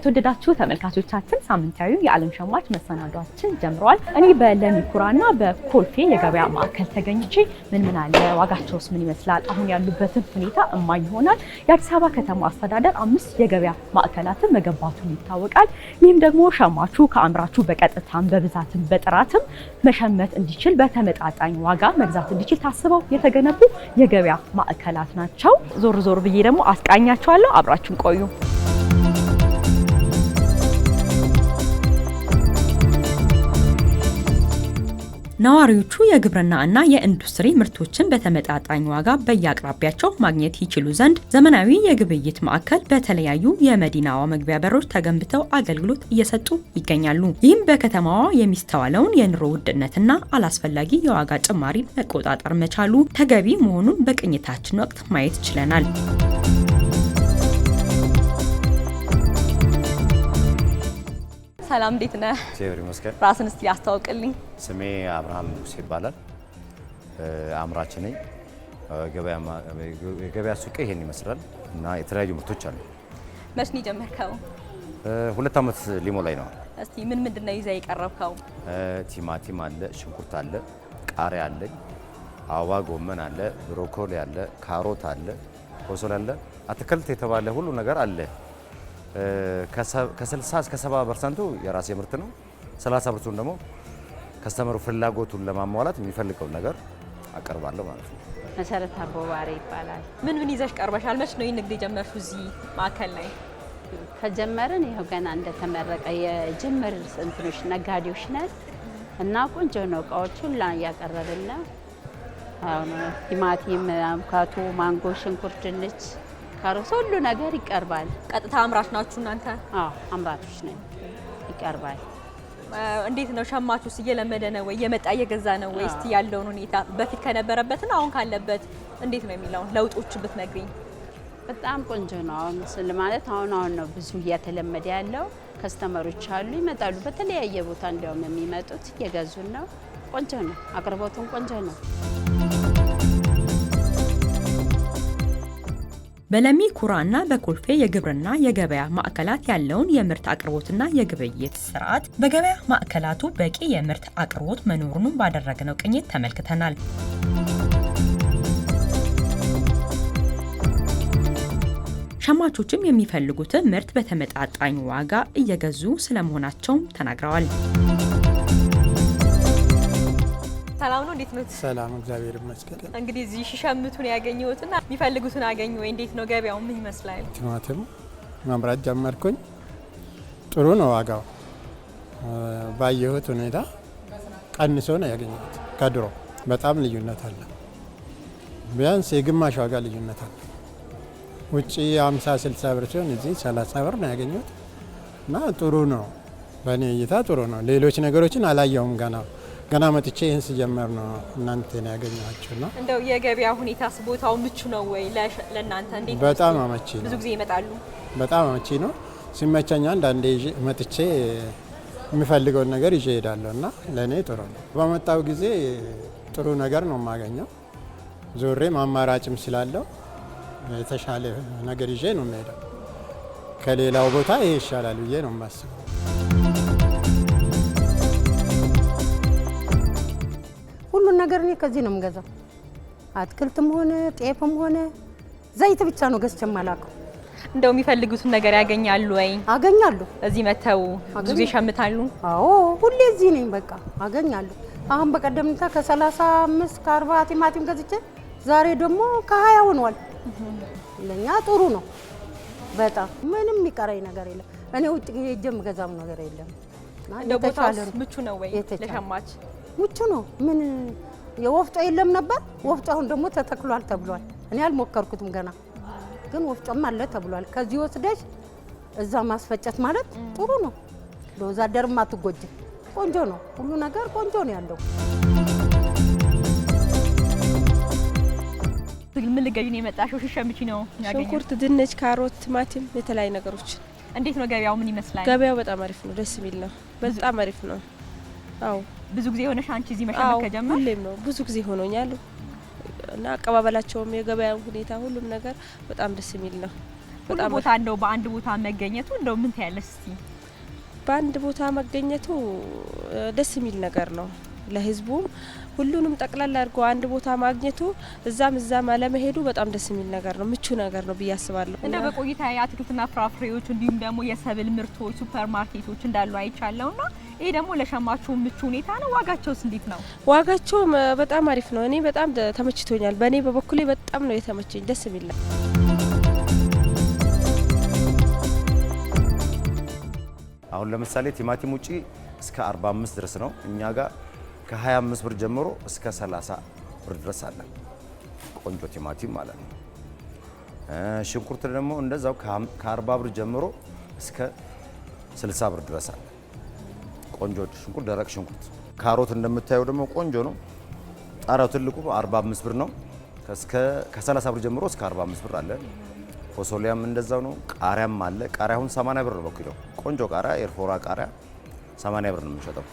የተወደዳችሁ ተመልካቾቻችን ሳምንታዊ የዓለም ሸማች መሰናዷችን ጀምረዋል። እኔ በለሚኩራና በኮልፌ የገበያ ማዕከል ተገኝቼ ምን ምን አለ፣ ዋጋቸውስ ምን ይመስላል፣ አሁን ያሉበትን ሁኔታ እማኝ ይሆናል። የአዲስ አበባ ከተማ አስተዳደር አምስት የገበያ ማዕከላትን መገንባቱን ይታወቃል። ይህም ደግሞ ሸማቹ ከአምራቹ በቀጥታም በብዛትም በጥራትም መሸመት እንዲችል በተመጣጣኝ ዋጋ መግዛት እንዲችል ታስበው የተገነቡ የገበያ ማዕከላት ናቸው። ዞር ዞር ብዬ ደግሞ አስቃኛቸዋለሁ። አብራችሁን ቆዩ። ነዋሪዎቹ የግብርና እና የኢንዱስትሪ ምርቶችን በተመጣጣኝ ዋጋ በየአቅራቢያቸው ማግኘት ይችሉ ዘንድ ዘመናዊ የግብይት ማዕከል በተለያዩ የመዲናዋ መግቢያ በሮች ተገንብተው አገልግሎት እየሰጡ ይገኛሉ። ይህም በከተማዋ የሚስተዋለውን የኑሮ ውድነትና አላስፈላጊ የዋጋ ጭማሪ መቆጣጠር መቻሉ ተገቢ መሆኑን በቅኝታችን ወቅት ማየት ችለናል። ሰላም እንዴት ነህ? እግዚአብሔር ይመስገን። ራስን እስቲ ያስተዋውቅልኝ። ስሜ አብርሃም ንጉስ ይባላል። አምራች ነኝ። ገበያ ሱቅ ይሄን ይመስላል እና የተለያዩ ምርቶች አሉ። መቼ ነው የጀመርከው? ሁለት ዓመት ላይ ነው። እስቲ ምን ምንድን ነው ይዘህ የቀረብከው? ቲማቲም አለ፣ ሽንኩርት አለ፣ ቃሪያ አለኝ፣ አበባ ጎመን አለ፣ ብሮኮሊ አለ፣ ካሮት አለ፣ ኮሶል አለ፣ አትክልት የተባለ ሁሉ ነገር አለ። ከ60 እስከ 70 ፐርሰንቱ የራሴ ምርት ነው። 30 ፐርሰንቱን ደግሞ ከስተመሩ ፍላጎቱን ለማሟላት የሚፈልገውን ነገር አቀርባለሁ ማለት ነው። መሰረት አቦባሬ ይባላል። ምን ምን ይዘሽ ቀርበሻል? መች ነው ይህ ንግድ የጀመርሽው? እዚህ ማዕከል ላይ ከጀመርን ይኸው ገና እንደተመረቀ የጅምር እንትኖች ነጋዴዎች ነን እና ቆንጆ ነው እቃዎች ሁላ እያቀረብን ነው። ቲማቲም፣ አቮካዶ፣ ማንጎ፣ ሽንኩርት፣ ድንች ካሮስ ሁሉ ነገር ይቀርባል። ቀጥታ አምራች ናችሁ እናንተ? አዎ አምራቾች ነን። ይቀርባል። እንዴት ነው ሸማቹስ? እየለመደ ነው ወይ የመጣ እየገዛ ነው ወይ? እስቲ ያለውን ሁኔታ በፊት ከነበረበትና አሁን ካለበት እንዴት ነው የሚለውን ለውጦች ብትነግሪኝ። በጣም ቆንጆ ነው። አሁን ስል ማለት አሁን አሁን ነው ብዙ እየተለመደ ያለው። ከስተመሮች አሉ ይመጣሉ፣ በተለያየ ቦታ እንዲያውም የሚመጡት እየገዙን ነው። ቆንጆ ነው፣ አቅርቦቱን ቆንጆ ነው። በለሚ ኩራና በኮልፌ የግብርና የገበያ ማዕከላት ያለውን የምርት አቅርቦትና የግብይት ስርዓት በገበያ ማዕከላቱ በቂ የምርት አቅርቦት መኖሩንም ባደረግነው ቅኝት ተመልክተናል። ሸማቾችም የሚፈልጉትን ምርት በተመጣጣኝ ዋጋ እየገዙ ስለመሆናቸውም ተናግረዋል። እንዴት ነው? ሰላም እግዚአብሔር ይመስገን። እንግዲህ እዚህ ሲሸምቱን ያገኘሁትና የሚፈልጉትን አገኘ ወይ? እንዴት ነው ገበያው ምን ይመስላል? ቲማቲም ማምራት ጀመርኩኝ። ጥሩ ነው ዋጋው፣ ባየሁት ሁኔታ ቀንሶ ነው ያገኘሁት። ከድሮ በጣም ልዩነት አለ። ቢያንስ የግማሽ ዋጋ ልዩነት አለ። ውጭ 50 60 ብር ሲሆን እዚህ 30 ብር ነው ያገኘሁት እና ጥሩ ነው። በእኔ እይታ ጥሩ ነው። ሌሎች ነገሮችን አላየውም ገና ገና መጥቼ ይህን ስጀምር ነው እናንተ ነው ያገኘኋቸውና፣ እንደው የገበያ ሁኔታስ ቦታው ምቹ ነው ወይ ለእናንተ? እንዴት በጣም አመቺ ነው። ብዙ ጊዜ ይመጣሉ። በጣም አመቺ ነው። ሲመቸኝ አንዳንዴ መጥቼ የምፈልገውን ነገር ይዤ እሄዳለሁ እና ለእኔ ጥሩ ነው። በመጣው ጊዜ ጥሩ ነገር ነው የማገኘው። ዞሬ አማራጭም ስላለው የተሻለ ነገር ይዤ ነው የምሄደው። ከሌላው ቦታ ይሄ ይሻላል ብዬ ነው የማስበው። ነገር እኔ ከዚህ ነው የምገዛው። አትክልትም ሆነ ጤፍም ሆነ ዘይት ብቻ ነው ገዝቼ የማላውቀው። እንደው የሚፈልጉትን ነገር ያገኛሉ ወይ? አገኛሉ። እዚህ መተው ብዙ ይሸምታሉ? አዎ፣ ሁሌ እዚህ ነኝ። በቃ አገኛሉ። አሁን በቀደምታ ከ35 ከ40 ቲማቲም ገዝቼ ዛሬ ደግሞ ከ20 ሆኗል። ለኛ ጥሩ ነው በጣም ምንም የሚቀረኝ ነገር የለም። እኔ ውጭ ሄጄ የምገዛም ነገር የለም። ምቹ ነው ወይ? ለሸማች ምቹ ነው ምን የወፍጮ የለም ነበር። ወፍጮ አሁን ደግሞ ተተክሏል ተብሏል። እኔ አልሞከርኩትም ገና፣ ግን ወፍጮም አለ ተብሏል። ከዚህ ወስደሽ እዛ ማስፈጨት ማለት ጥሩ ነው። ለወዛደርም አትጎጅ ቆንጆ ነው፣ ሁሉ ነገር ቆንጆ ነው ያለው። ምን ልገዢ ነው የመጣሽው? ሽሸምቺ ነው ያገኘው። ሽንኩርት፣ ድንች፣ ካሮት፣ ቲማቲም፣ የተለያዩ ነገሮች። እንዴት ነው ገበያው? ምን ይመስላል ገበያው? በጣም አሪፍ ነው፣ ደስ የሚል ነው። በጣም አሪፍ ነው። አዎ ብዙ ጊዜ የሆነሽ አንቺ እዚህ መሸመት ከጀመር? ሁሌም ነው፣ ብዙ ጊዜ ሆኖኛል። እና አቀባበላቸውም የገበያ ሁኔታ ሁሉም ነገር በጣም ደስ የሚል ነው። በጣም ቦታ እንደው በአንድ ቦታ መገኘቱ እንደው ምን ታያለሽ እስቲ? በአንድ ቦታ መገኘቱ ደስ የሚል ነገር ነው ለህዝቡ ሁሉንም ጠቅላላ አድርጎ አንድ ቦታ ማግኘቱ እዛም እዛም አለመሄዱ በጣም ደስ የሚል ነገር ነው፣ ምቹ ነገር ነው ብዬ አስባለሁ። እንደ በቆይታ የአትክልትና ፍራፍሬዎች እንዲሁም ደግሞ የሰብል ምርቶች ሱፐር ማርኬቶች እንዳሉ አይቻለውና ይሄ ደግሞ ለሸማችሁ ምቹ ሁኔታ ነው። ዋጋቸውስ እንዴት ነው? ዋጋቸው በጣም አሪፍ ነው። እኔ በጣም ተመችቶኛል። በእኔ በበኩሌ በጣም ነው የተመቸኝ። ደስ የሚል አሁን ለምሳሌ ቲማቲም ውጪ እስከ 45 ድረስ ነው። እኛ ጋር ከ25 ብር ጀምሮ እስከ 30 ብር ድረስ አለ። ቆንጆ ቲማቲም ማለት ነው። ሽንኩርት ደግሞ እንደዛው ከ40 ብር ጀምሮ እስከ 60 ብር ድረስ አለ። ቆንጆ ሽንኩርት፣ ደረቅ ሽንኩርት። ካሮት እንደምታየው ደግሞ ቆንጆ ነው። ጣሪያው ትልቁ 45 ብር ነው። ከ30 ብር ጀምሮ እስከ 45 ብር አለ። ፎሶሊያም እንደዛው ነው። ቃሪያም አለ። ቃሪያሁን 80 ብር ነው በኪሎ። ቆንጆ ቃሪያ፣ ኤርፎራ ቃሪያ 80 ብር ነው የምንሸጠው።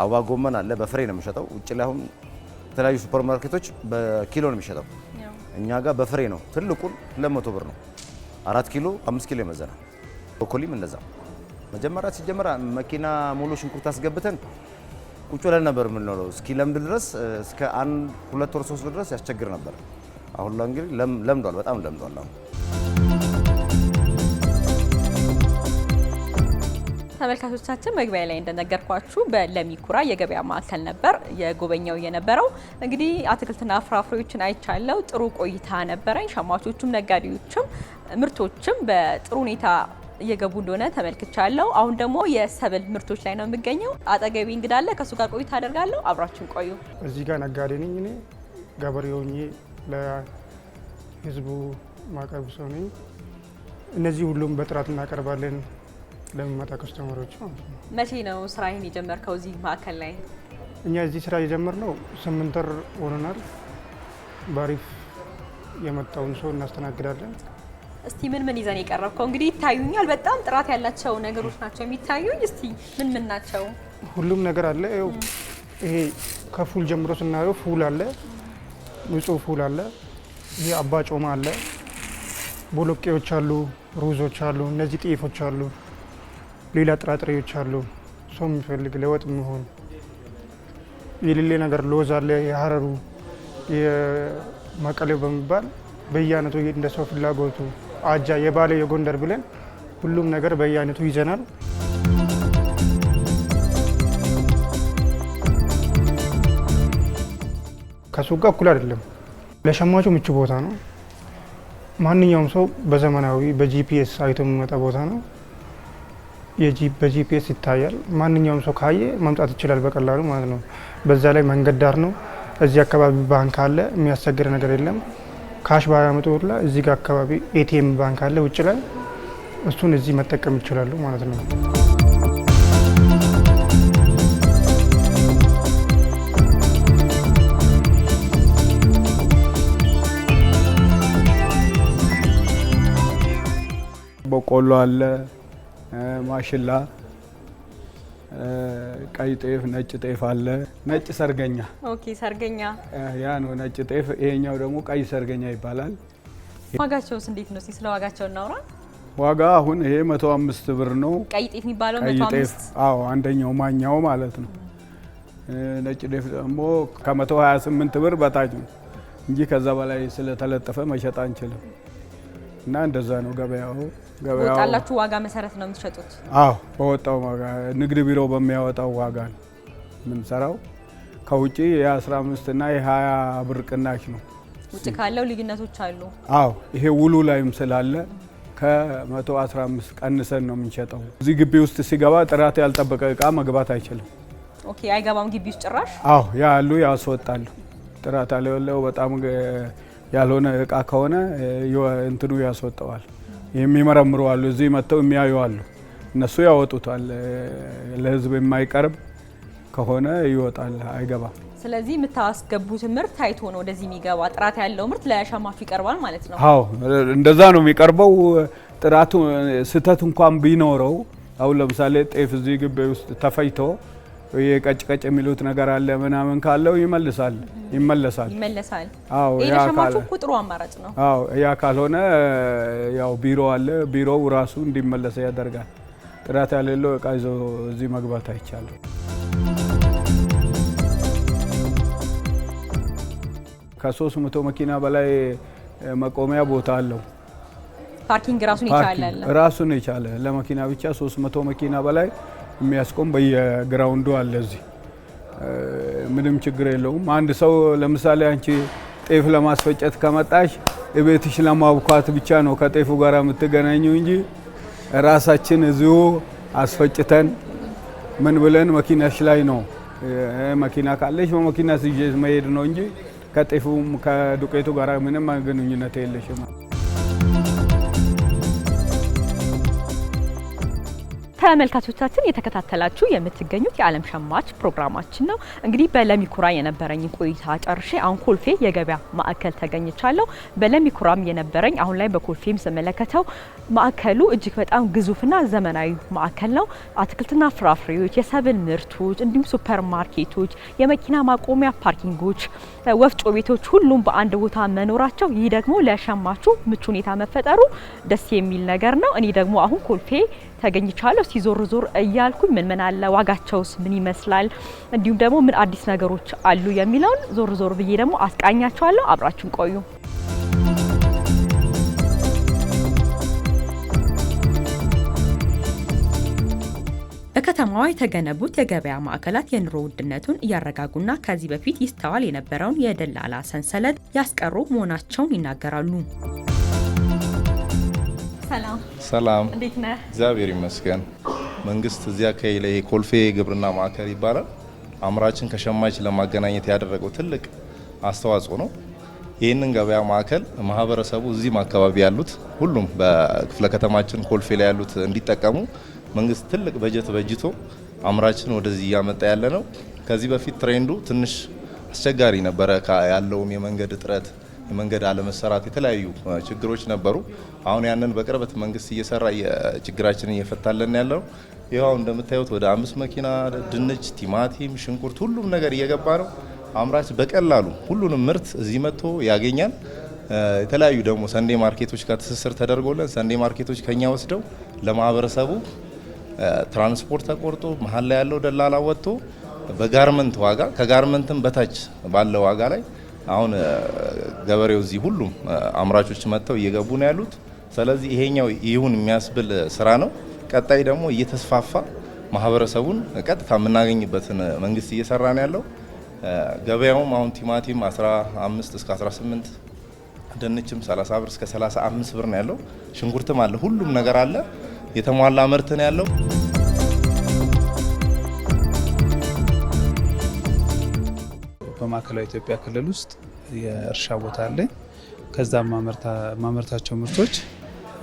አበባ ጎመን አለ። በፍሬ ነው የምንሸጠው። ውጭ ላይ አሁን የተለያዩ ሱፐር ማርኬቶች በኪሎ ነው የሚሸጠው። እኛ ጋር በፍሬ ነው። ትልቁን ለመቶ ብር ነው። አራት ኪሎ አምስት ኪሎ ይመዘናል። በኮሊም እንደዛ መጀመሪያ ሲጀመር መኪና ሙሉ ሽንኩርት አስገብተን ቁጭ ብለን ነበር የምንለው። እስኪ ለምድ ድረስ እስከ አንድ ሁለት ወር ሶስት ድረስ ያስቸግር ነበር። አሁን ላይ እንግዲህ ለምዷል፣ በጣም ለምዷል። አሁን ተመልካቾቻችን መግቢያ ላይ እንደነገርኳችሁ በለሚኩራ የገበያ ማዕከል ነበር የጎበኛው የነበረው። እንግዲህ አትክልትና ፍራፍሬዎችን አይቻለው። ጥሩ ቆይታ ነበረኝ። ሸማቾቹም ነጋዴዎችም ምርቶችም በጥሩ ሁኔታ እየገቡ እንደሆነ ተመልክቻለሁ። አሁን ደግሞ የሰብል ምርቶች ላይ ነው የሚገኘው። አጠገቢ እንግዳለ ከእሱ ጋር ቆይታ አደርጋለሁ። አብራችን ቆዩ። እዚህ ጋር ነጋዴ ነኝ እኔ ገበሬ ሆኜ ለህዝቡ ማቀርብ ሰው ነኝ። እነዚህ ሁሉም በጥራት እናቀርባለን ለሚመጣ ከስተመሮች ማለት ነው። መቼ ነው ስራህን የጀመርከው እዚህ ማዕከል ላይ? እኛ እዚህ ስራ የጀመርነው ስምንት ወር ሆነናል። በአሪፍ የመጣውን ሰው እናስተናግዳለን። እስቲ ምን ምን ይዘን የቀረብከው? እንግዲህ ይታዩኛል፣ በጣም ጥራት ያላቸው ነገሮች ናቸው የሚታዩኝ። እስቲ ምን ምን ናቸው? ሁሉም ነገር አለ። ይሄ ከፉል ጀምሮ ስናየው ፉል አለ፣ ንጹህ ፉል አለ። ይሄ አባ ጮማ አለ፣ ቦሎቄዎች አሉ፣ ሩዞች አሉ፣ እነዚህ ጤፎች አሉ፣ ሌላ ጥራጥሬዎች አሉ። ሰው የሚፈልግ ለወጥ የሚሆን የሌሌ ነገር ሎዝ አለ፣ የሀረሩ የመቀሌው በሚባል በየአይነቱ እንደ ሰው ፍላጎቱ አጃ፣ የባሌ፣ የጎንደር ብለን ሁሉም ነገር በየአይነቱ ይዘናል። ከሱቅ ጋር እኩል አይደለም። ለሸማቹ ምቹ ቦታ ነው። ማንኛውም ሰው በዘመናዊ በጂፒኤስ አይቶ የሚመጣ ቦታ ነው። በጂፒኤስ ይታያል። ማንኛውም ሰው ካየ መምጣት ይችላል በቀላሉ ማለት ነው። በዛ ላይ መንገድ ዳር ነው። እዚህ አካባቢ ባንክ አለ። የሚያስቸግር ነገር የለም። ካሽ ባያመጡ እዚህ ጋር አካባቢ ኤቲኤም ባንክ አለ ውጭ ላይ እሱን እዚህ መጠቀም ይችላሉ ማለት ነው። በቆሎ አለ፣ ማሽላ ቀይ ጤፍ፣ ነጭ ጤፍ አለ። ነጭ ሰርገኛ ኦኬ፣ ሰርገኛ ያ ነው ነጭ ጤፍ። ይሄኛው ደግሞ ቀይ ሰርገኛ ይባላል። ዋጋቸውስ እንዴት ነው? ስለ ዋጋቸው እናውራ። ዋጋ አሁን ይሄ 105 ብር ነው። ቀይ ጤፍ የሚባለው 105። አዎ አንደኛው ማኛው ማለት ነው። ነጭ ጤፍ ደግሞ ከ128 ብር በታች ነው እንጂ ከዛ በላይ ስለተለጠፈ መሸጥ አንችልም። እና እንደዛ ነው ገበያው። ገበያው ወጣላችሁ ዋጋ መሰረት ነው የምትሸጡት? አዎ በወጣው ዋጋ ንግድ ቢሮ በሚያወጣው ዋጋ ነው የምንሰራው። ከውጪ የ15 እና የ20 ብር ቅናሽ ነው። ውጭ ካለው ልዩነቶች አሉ? አዎ ይሄ ውሉ ላይም ስላለ ከ115 ቀንሰን ነው የምንሸጠው። እዚህ ግቢ ውስጥ ሲገባ ጥራት ያልጠበቀ እቃ መግባት አይችልም። ኦኬ አይገባም ግቢ ውስጥ ጭራሽ? አዎ ያሉ ያስወጣሉ። ጥራት ያለው በጣም ያልሆነ እቃ ከሆነ እንትኑ ያስወጠዋል። የሚመረምሩ አሉ፣ እዚህ መጥተው የሚያዩ አሉ። እነሱ ያወጡታል። ለህዝብ የማይቀርብ ከሆነ ይወጣል፣ አይገባም። ስለዚህ የምታስገቡት ምርት ታይቶ ነው ወደዚህ የሚገባ። ጥራት ያለው ምርት ለሸማቹ ይቀርባል ማለት ነው። አዎ እንደዛ ነው የሚቀርበው። ጥራቱ ስህተት እንኳን ቢኖረው አሁን ለምሳሌ ጤፍ እዚህ ግቢ ውስጥ ተፈይቶ ቀጭ ቀጭ የሚሉት ነገር አለ ምናምን ካለው ይመልሳል ይመለሳል ይመለሳል። አዎ የተሸማቹ ቁጥሩ አማራጭ ነው። አዎ ያ ካልሆነ ያው ቢሮ አለ። ቢሮው ራሱ እንዲመለሰ ያደርጋል። ጥራት ያሌለው እቃ ይዞ እዚህ መግባት አይቻልም። ከሶስት መቶ መኪና በላይ መቆሚያ ቦታ አለው። ፓርኪንግ ራሱን ይቻላል ራሱን ይቻለ ለመኪና ብቻ 300 መኪና በላይ የሚያስቆም በየግራውንዱ አለ። እዚህ ምንም ችግር የለውም። አንድ ሰው ለምሳሌ አንቺ ጤፍ ለማስፈጨት ከመጣሽ እቤትሽ ለማብኳት ብቻ ነው ከጤፉ ጋር የምትገናኘው እንጂ ራሳችን እዚሁ አስፈጭተን ምን ብለን መኪናሽ ላይ ነው መኪና ካለሽ በመኪና ስዤ መሄድ ነው እንጂ ከጤፉም ከዱቄቱ ጋር ምንም ግንኙነት የለሽም። ተመልካቾቻችን የተከታተላችሁ የምትገኙት የዓለም ሸማች ፕሮግራማችን ነው። እንግዲህ በለሚኩራ የነበረኝ ቆይታ ጨርሼ አሁን ኮልፌ የገበያ ማዕከል ተገኝቻለሁ። በለሚኩራም የነበረኝ አሁን ላይ በኮልፌም ስመለከተው ማዕከሉ እጅግ በጣም ግዙፍና ዘመናዊ ማዕከል ነው። አትክልትና ፍራፍሬዎች፣ የሰብል ምርቶች እንዲሁም ሱፐር ማርኬቶች፣ የመኪና ማቆሚያ ፓርኪንጎች፣ ወፍጮ ቤቶች ሁሉም በአንድ ቦታ መኖራቸው ይህ ደግሞ ለሸማቹ ምቹ ሁኔታ መፈጠሩ ደስ የሚል ነገር ነው። እኔ ደግሞ አሁን ኮልፌ ተገኝቻለሁ። ሲዞር ዞር እያልኩኝ ምን ምን አለ፣ ዋጋቸውስ ምን ይመስላል፣ እንዲሁም ደግሞ ምን አዲስ ነገሮች አሉ የሚለውን ዞር ዞር ብዬ ደግሞ አስቃኛቸዋለሁ። አብራችሁን ቆዩ። በከተማዋ የተገነቡት የገበያ ማዕከላት የኑሮ ውድነቱን እያረጋጉና ከዚህ በፊት ይስተዋል የነበረውን የደላላ ሰንሰለት ያስቀሩ መሆናቸውን ይናገራሉ። ሰላም ሰላም፣ እንዴት ነህ? እግዚአብሔር ይመስገን። መንግስት እዚህ አካባቢ ላይ ኮልፌ ግብርና ማዕከል ይባላል። አምራችን ከሸማች ለማገናኘት ያደረገው ትልቅ አስተዋጽኦ ነው። ይህንን ገበያ ማዕከል ማህበረሰቡ እዚህም አካባቢ ያሉት ሁሉም በክፍለ ከተማችን ኮልፌ ላይ ያሉት እንዲጠቀሙ መንግስት ትልቅ በጀት በጅቶ አምራችን ወደዚህ እያመጣ ያለ ነው። ከዚህ በፊት ትሬንዱ ትንሽ አስቸጋሪ ነበረ፣ ያለውም የመንገድ እጥረት የመንገድ አለመሰራት፣ የተለያዩ ችግሮች ነበሩ። አሁን ያንን በቅርበት መንግስት እየሰራ ችግራችንን እየፈታለን ያለው ይኸው እንደምታዩት ወደ አምስት መኪና ድንች፣ ቲማቲም፣ ሽንኩርት ሁሉም ነገር እየገባ ነው። አምራች በቀላሉ ሁሉንም ምርት እዚህ መጥቶ ያገኛል። የተለያዩ ደግሞ ሰንዴ ማርኬቶች ጋር ትስስር ተደርጎለን ሰንዴ ማርኬቶች ከኛ ወስደው ለማህበረሰቡ ትራንስፖርት ተቆርጦ መሀል ላይ ያለው ደላላ ወጥቶ በጋርመንት ዋጋ ከጋርመንትም በታች ባለ ዋጋ ላይ አሁን ገበሬው እዚህ ሁሉም አምራቾች መጥተው እየገቡ ነው ያሉት። ስለዚህ ይሄኛው ይሁን የሚያስብል ስራ ነው። ቀጣይ ደግሞ እየተስፋፋ ማህበረሰቡን ቀጥታ የምናገኝበትን መንግስት እየሰራ ነው ያለው። ገበያውም አሁን ቲማቲም 15 እስከ 18 ድንችም 30 ብር እስከ 35 ብር ነው ያለው። ሽንኩርትም አለ፣ ሁሉም ነገር አለ። የተሟላ ምርት ነው ያለው። በማዕከላዊ ኢትዮጵያ ክልል ውስጥ የእርሻ ቦታ አለኝ። ከዛም ማመርታቸው ምርቶች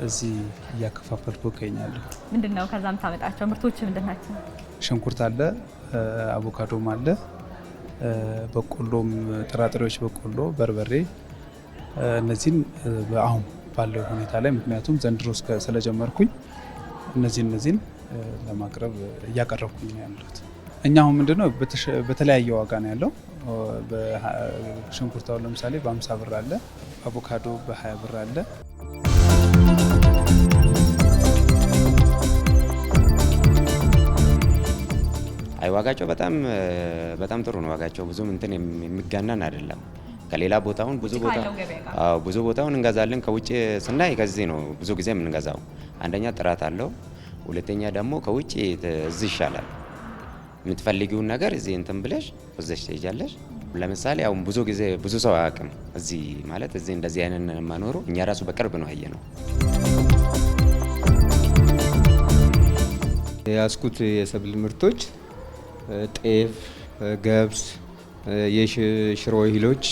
እዚህ እያከፋፈልኩ እገኛለሁ። ምንድን ነው ከዛ የምታመጣቸው ምርቶች ምንድን ናቸው? ሽንኩርት አለ፣ አቮካዶም አለ፣ በቆሎም፣ ጥራጥሬዎች፣ በቆሎ፣ በርበሬ እነዚህን አሁን ባለው ሁኔታ ላይ ምክንያቱም ዘንድሮ ስለጀመርኩኝ እነዚህ እነዚህን ለማቅረብ እያቀረብኩኝ ነው ያለሁት። እኛ አሁን ምንድነው በተለያየ ዋጋ ነው ያለው ሽንኩርት አሁን ለምሳሌ በ50 ብር አለ፣ አቮካዶ በ20 ብር አለ። አይ ዋጋቸው በጣም በጣም ጥሩ ነው። ዋጋቸው ብዙም እንትን የሚጋናን አይደለም። ከሌላ ቦታውን ብዙ ቦታ አዎ ብዙ ቦታውን እንገዛለን። ከውጭ ስናይ ከዚህ ነው ብዙ ጊዜ የምንገዛው። አንደኛ ጥራት አለው፣ ሁለተኛ ደግሞ ከውጭ እዚህ ይሻላል። የምትፈልጊውን ነገር እዚህ እንትን ብለሽ ወዘሽ ትሄጃለሽ። ለምሳሌ አሁን ብዙ ጊዜ ብዙ ሰው አያውቅም እዚህ ማለት እዚህ እንደዚህ አይነት መኖሩ እኛ ራሱ በቅርብ ነው ያየ ነው። የያዝኩት የሰብል ምርቶች ጤፍ፣ ገብስ፣ የሽሮ እህሎች፣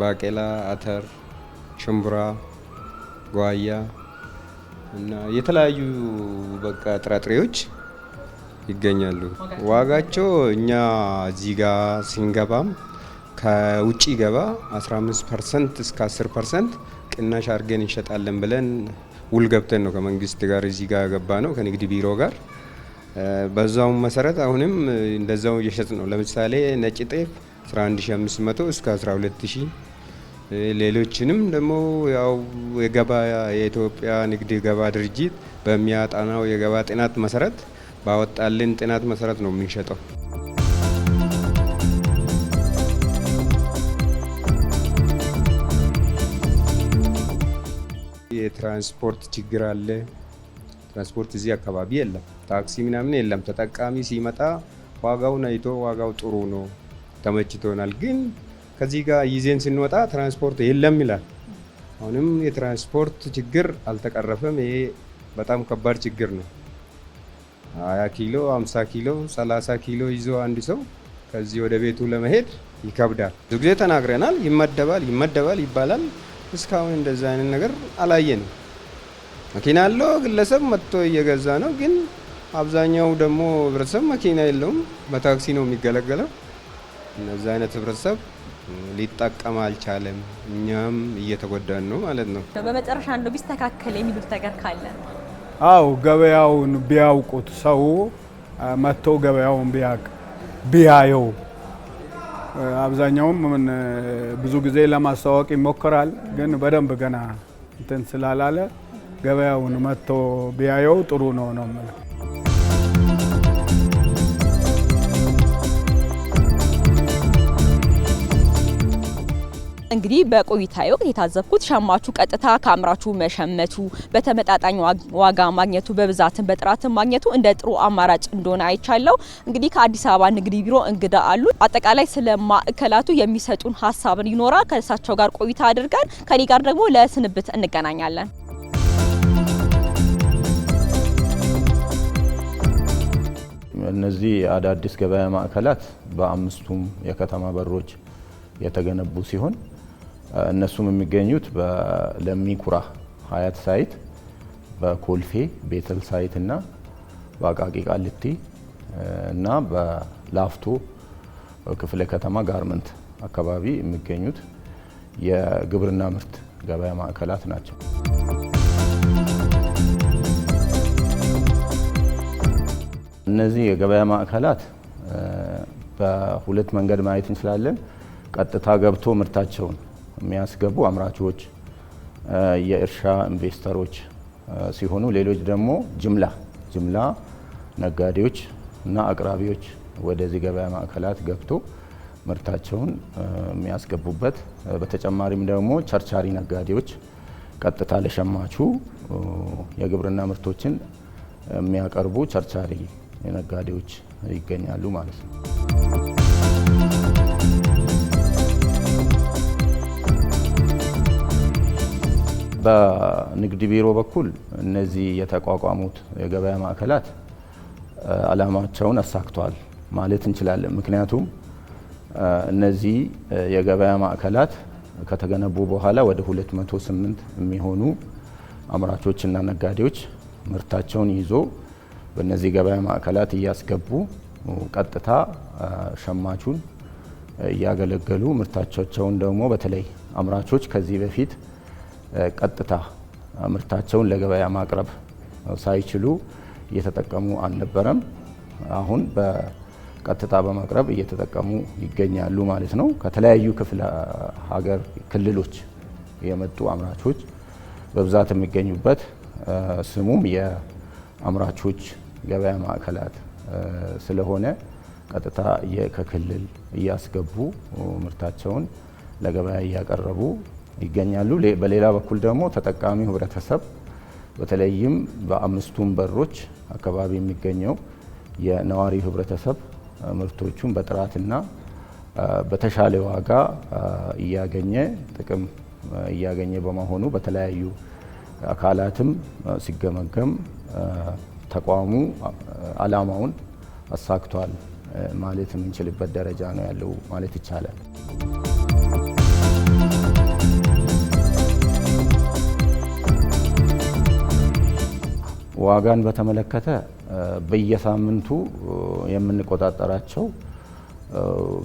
ባቄላ፣ አተር፣ ሽምብራ፣ ጓያ እና የተለያዩ በቃ ጥራጥሬዎች ይገኛሉ። ዋጋቸው እኛ እዚህ ሲንገባ ስንገባም ከውጭ ገባ 15 ፐርሰንት እስከ 10 ፐርሰንት ቅናሽ አድርገን እንሸጣለን ብለን ውል ገብተን ነው ከመንግስት ጋር እዚህ ጋር ገባ ነው ከንግድ ቢሮ ጋር በዛውም መሰረት አሁንም እንደዛው እየሸጥ ነው። ለምሳሌ ነጭ ጤፍ 11500 እስከ 12000 ሌሎችንም ደግሞ ያው የገባ የኢትዮጵያ ንግድ ገባ ድርጅት በሚያጣናው የገባ ጥናት መሰረት ባወጣልን ጥናት መሰረት ነው የምንሸጠው። የትራንስፖርት ችግር አለ። ትራንስፖርት እዚህ አካባቢ የለም፣ ታክሲ ምናምን የለም። ተጠቃሚ ሲመጣ ዋጋውን አይቶ ዋጋው ጥሩ ነው ተመችቶናል፣ ግን ከዚህ ጋር ይዜን ስንወጣ ትራንስፖርት የለም ይላል። አሁንም የትራንስፖርት ችግር አልተቀረፈም። ይሄ በጣም ከባድ ችግር ነው። ሀያ ኪሎ 50 ኪሎ 30 ኪሎ ይዞ አንድ ሰው ከዚህ ወደ ቤቱ ለመሄድ ይከብዳል። ብዙ ጊዜ ተናግረናል። ይመደባል ይመደባል ይባላል። እስካሁን እንደዛ አይነት ነገር አላየንም። መኪና አለው ግለሰብ መጥቶ እየገዛ ነው። ግን አብዛኛው ደግሞ ህብረተሰብ መኪና የለውም፣ በታክሲ ነው የሚገለገለው። እነዚ አይነት ህብረተሰብ ሊጠቀም አልቻለም። እኛም እየተጎዳን ነው ማለት ነው። በመጨረሻ እንደው ቢስተካከል የሚሉት ነገር ካለ አው ገበያውን ቢያውቁት ሰው መጥቶ ገበያውን ቢያቅ ቢያየው። አብዛኛውም ብዙ ጊዜ ለማስተዋወቅ ይሞክራል፣ ግን በደንብ ገና እንትን ስላላለ ገበያውን መጥቶ ቢያየው ጥሩ ነው ነው የምለው። እንግዲህ በቆይታዬ ወቅት የታዘብኩት ሸማቹ ቀጥታ ከአምራቹ መሸመቱ፣ በተመጣጣኝ ዋጋ ማግኘቱ፣ በብዛትም በጥራትም ማግኘቱ እንደ ጥሩ አማራጭ እንደሆነ አይቻለሁ። እንግዲህ ከአዲስ አበባ ንግድ ቢሮ እንግዳ አሉ። አጠቃላይ ስለ ማዕከላቱ የሚሰጡን ሀሳብን ይኖራል። ከእሳቸው ጋር ቆይታ አድርገን ከኔ ጋር ደግሞ ለስንብት እንገናኛለን። እነዚህ አዳዲስ ገበያ ማዕከላት በአምስቱም የከተማ በሮች የተገነቡ ሲሆን እነሱም የሚገኙት በለሚኩራ ሀያት ሳይት፣ በኮልፌ ቤተል ሳይት እና በአቃቂ ቃልቲ እና በላፍቶ ክፍለ ከተማ ጋርመንት አካባቢ የሚገኙት የግብርና ምርት ገበያ ማዕከላት ናቸው። እነዚህ የገበያ ማዕከላት በሁለት መንገድ ማየት እንችላለን። ቀጥታ ገብቶ ምርታቸውን የሚያስገቡ አምራቾች፣ የእርሻ ኢንቨስተሮች ሲሆኑ ሌሎች ደግሞ ጅምላ ጅምላ ነጋዴዎች እና አቅራቢዎች ወደዚህ ገበያ ማዕከላት ገብቶ ምርታቸውን የሚያስገቡበት በተጨማሪም ደግሞ ቸርቻሪ ነጋዴዎች ቀጥታ ለሸማቹ የግብርና ምርቶችን የሚያቀርቡ ቸርቻሪ ነጋዴዎች ይገኛሉ ማለት ነው። በንግድ ቢሮ በኩል እነዚህ የተቋቋሙት የገበያ ማዕከላት ዓላማቸውን አሳክተዋል ማለት እንችላለን። ምክንያቱም እነዚህ የገበያ ማዕከላት ከተገነቡ በኋላ ወደ 208 የሚሆኑ አምራቾችና ነጋዴዎች ምርታቸውን ይዞ በእነዚህ ገበያ ማዕከላት እያስገቡ ቀጥታ ሸማቹን እያገለገሉ ምርታቸውን ደግሞ በተለይ አምራቾች ከዚህ በፊት ቀጥታ ምርታቸውን ለገበያ ማቅረብ ሳይችሉ እየተጠቀሙ አልነበረም። አሁን በቀጥታ በማቅረብ እየተጠቀሙ ይገኛሉ ማለት ነው። ከተለያዩ ክፍለ ሀገር ክልሎች የመጡ አምራቾች በብዛት የሚገኙበት ስሙም የአምራቾች ገበያ ማዕከላት ስለሆነ ቀጥታ ከክልል እያስገቡ ምርታቸውን ለገበያ እያቀረቡ ይገኛሉ። በሌላ በኩል ደግሞ ተጠቃሚው ህብረተሰብ በተለይም በአምስቱም በሮች አካባቢ የሚገኘው የነዋሪ ህብረተሰብ ምርቶቹን በጥራትና በተሻለ ዋጋ እያገኘ ጥቅም እያገኘ በመሆኑ በተለያዩ አካላትም ሲገመገም ተቋሙ አላማውን አሳክቷል ማለት የምንችልበት ደረጃ ነው ያለው ማለት ይቻላል። ዋጋን በተመለከተ በየሳምንቱ የምንቆጣጠራቸው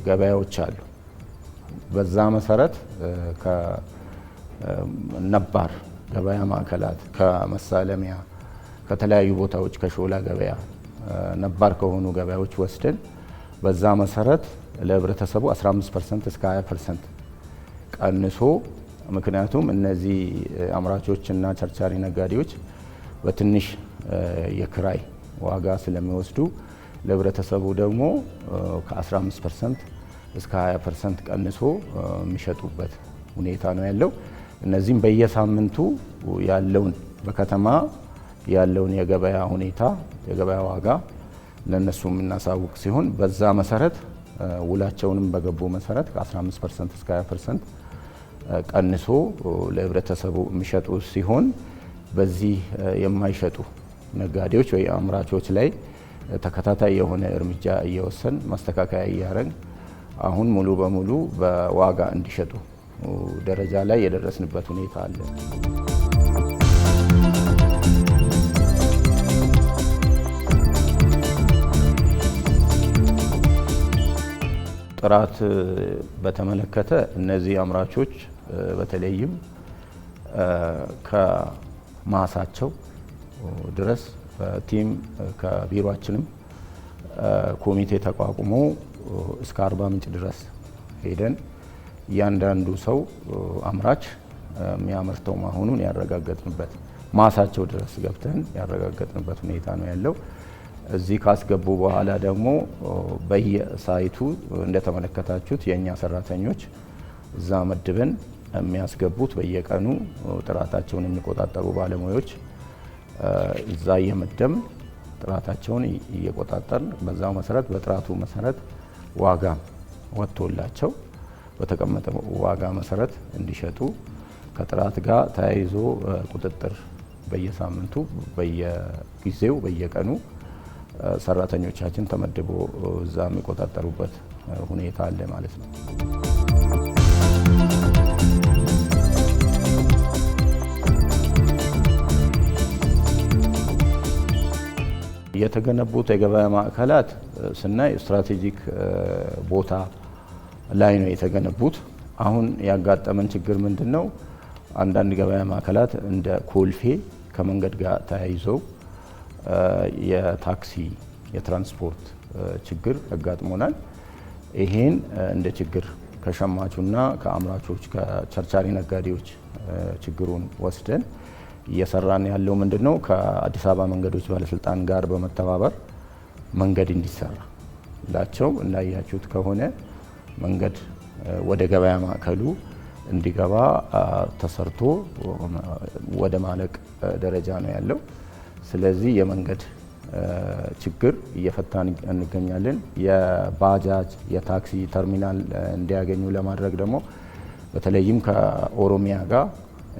ገበያዎች አሉ። በዛ መሰረት ከነባር ገበያ ማዕከላት ከመሳለሚያ ከተለያዩ ቦታዎች ከሾላ ገበያ ነባር ከሆኑ ገበያዎች ወስደን በዛ መሰረት ለህብረተሰቡ 15 ፐርሰንት እስከ 20 ፐርሰንት ቀንሶ ምክንያቱም እነዚህ አምራቾችና ቸርቻሪ ነጋዴዎች በትንሽ የክራይ ዋጋ ስለሚወስዱ ለህብረተሰቡ ደግሞ ከ15 ፐርሰንት እስከ 20 ፐርሰንት ቀንሶ የሚሸጡበት ሁኔታ ነው ያለው። እነዚህም በየሳምንቱ ያለውን በከተማ ያለውን የገበያ ሁኔታ የገበያ ዋጋ ለእነሱ የምናሳውቅ ሲሆን በዛ መሰረት ውላቸውንም በገቡ መሰረት ከ15 ፐርሰንት እስከ 20 ፐርሰንት ቀንሶ ለህብረተሰቡ የሚሸጡ ሲሆን በዚህ የማይሸጡ ነጋዴዎች ወይ አምራቾች ላይ ተከታታይ የሆነ እርምጃ እየወሰን ማስተካከያ እያረግ አሁን ሙሉ በሙሉ በዋጋ እንዲሸጡ ደረጃ ላይ የደረስንበት ሁኔታ አለ። ጥራት በተመለከተ እነዚህ አምራቾች በተለይም ከማሳቸው ድረስ በቲም ከቢሮአችንም ኮሚቴ ተቋቁሞ እስከ አርባ ምንጭ ድረስ ሄደን እያንዳንዱ ሰው አምራች የሚያመርተው መሆኑን ያረጋገጥንበት ማሳቸው ድረስ ገብተን ያረጋገጥንበት ሁኔታ ነው ያለው። እዚህ ካስገቡ በኋላ ደግሞ በየሳይቱ እንደተመለከታችሁት የእኛ ሰራተኞች እዛ መድበን የሚያስገቡት በየቀኑ ጥራታቸውን የሚቆጣጠሩ ባለሙያዎች እዛ እየመደብን ጥራታቸውን እየቆጣጠር በዛው መሰረት በጥራቱ መሰረት ዋጋ ወጥቶላቸው በተቀመጠ ዋጋ መሰረት እንዲሸጡ ከጥራት ጋር ተያይዞ ቁጥጥር በየሳምንቱ በየጊዜው በየቀኑ ሰራተኞቻችን ተመድቦ እዛ የሚቆጣጠሩበት ሁኔታ አለ ማለት ነው። የተገነቡት የገበያ ማዕከላት ስናይ ስትራቴጂክ ቦታ ላይ ነው የተገነቡት። አሁን ያጋጠመን ችግር ምንድን ነው? አንዳንድ ገበያ ማዕከላት እንደ ኮልፌ ከመንገድ ጋር ተያይዘው የታክሲ የትራንስፖርት ችግር ያጋጥሞናል። ይሄን እንደ ችግር ከሸማቹና ከአምራቾች ከቸርቻሪ ነጋዴዎች ችግሩን ወስደን እየሰራን ያለው ምንድን ነው? ከአዲስ አበባ መንገዶች ባለስልጣን ጋር በመተባበር መንገድ እንዲሰራ ላቸው እንዳያችሁት ከሆነ መንገድ ወደ ገበያ ማዕከሉ እንዲገባ ተሰርቶ ወደ ማለቅ ደረጃ ነው ያለው። ስለዚህ የመንገድ ችግር እየፈታን እንገኛለን። የባጃጅ የታክሲ ተርሚናል እንዲያገኙ ለማድረግ ደግሞ በተለይም ከኦሮሚያ ጋር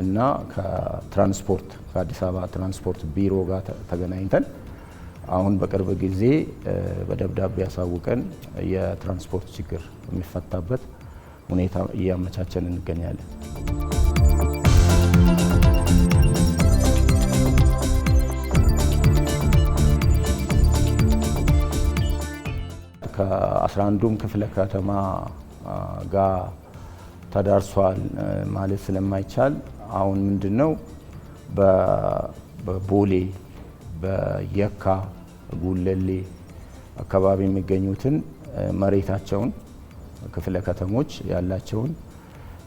እና ከትራንስፖርት ከአዲስ አበባ ትራንስፖርት ቢሮ ጋር ተገናኝተን አሁን በቅርብ ጊዜ በደብዳቤ ያሳውቀን የትራንስፖርት ችግር የሚፈታበት ሁኔታ እያመቻቸን እንገኛለን። ከ11ዱም ክፍለ ከተማ ጋር ተዳርሷል ማለት ስለማይቻል አሁን ምንድን ነው በቦሌ በየካ ጉለሌ አካባቢ የሚገኙትን መሬታቸውን ክፍለ ከተሞች ያላቸውን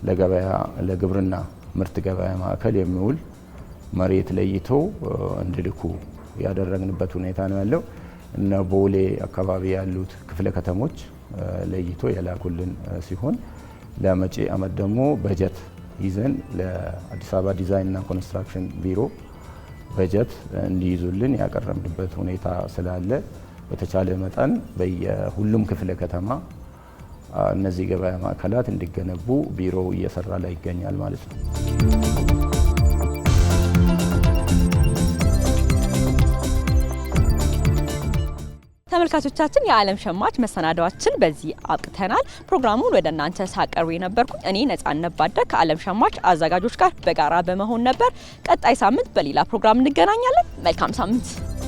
ለገበያ ለግብርና ምርት ገበያ ማዕከል የሚውል መሬት ለይቶ እንድልኩ ያደረግንበት ሁኔታ ነው ያለው። እነ ቦሌ አካባቢ ያሉት ክፍለ ከተሞች ለይቶ የላኩልን ሲሆን ለመጪ ዓመት ደግሞ በጀት ይዘን ለአዲስ አበባ ዲዛይንና ኮንስትራክሽን ቢሮ በጀት እንዲይዙልን ያቀረብንበት ሁኔታ ስላለ በተቻለ መጠን በየሁሉም ክፍለ ከተማ እነዚህ ገበያ ማዕከላት እንዲገነቡ ቢሮው እየሰራ ላይ ይገኛል ማለት ነው። ተመልካቾቻችን የዓለም ሸማች መሰናዷችን በዚህ አብቅተናል። ፕሮግራሙን ወደ እናንተ ሳቀርቡ የነበርኩኝ እኔ ነጻነት ባደ ከዓለም ሸማች አዘጋጆች ጋር በጋራ በመሆን ነበር። ቀጣይ ሳምንት በሌላ ፕሮግራም እንገናኛለን። መልካም ሳምንት።